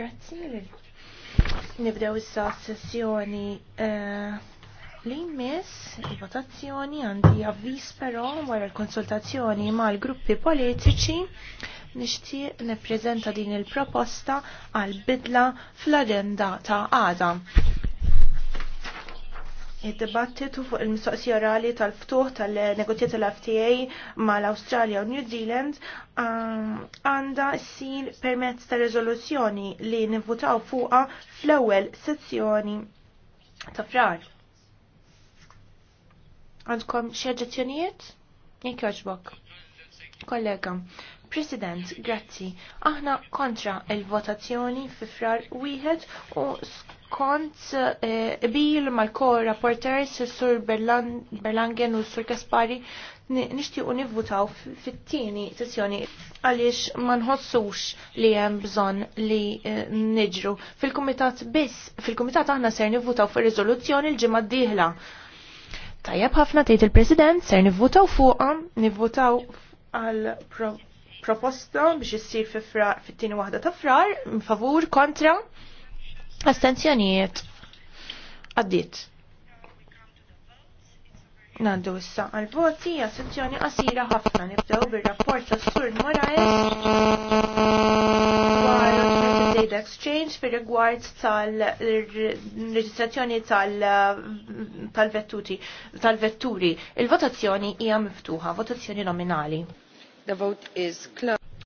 Grazzi. Nibdew issa sessjoni eh, li miss il-votazzjoni għandi avviż però wara l-konsultazzjoni mal-gruppi politiċi nixtieq nippreżenta din il-proposta għal bidla fl-agenda ta' għada. Id-dibattitu fuq il-mistoqsija orali tal-ftuħ tal-negozjati tal-FTA mal-Australia u New Zealand ah, għanda s-sin permezz ta' rezoluzzjoni li nivvutaw fuqa fl-ewwel sezzjoni ta' frar. Għandkom xi oġġezzjonijiet? Jekk jogħġbok. Kollega, President, grazzi. Aħna kontra il-votazzjoni fi frar wieħed u kont eh, qbil mal-kor rapporters sur Berlangen u sur nishti nixtiequ nivvutaw fit-tieni sessjoni għaliex ma nħossux li hemm bżonn li eh, niġru. Fil-kumitat biss, fil-kumitat aħna ser nivvutaw fil riżoluzzjoni l-ġimgħa d-dieħla. Tajjeb ħafna tgħid il-President ser nivvutaw fuqa nivvutaw għal proposta biex issir fit-tieni waħda ta' frar, favur, kontra. Astenzjonijiet għaddit. Naddu issa għal-voti, astenzjoni qasira ħafna nibdew bil rapport ta' Sur Moraes dwar Exchange fi rigward tal-reġistrazzjoni tal-vetturi. Tal tal Il-votazzjoni hija miftuħa, votazzjoni nominali. The vote is closed.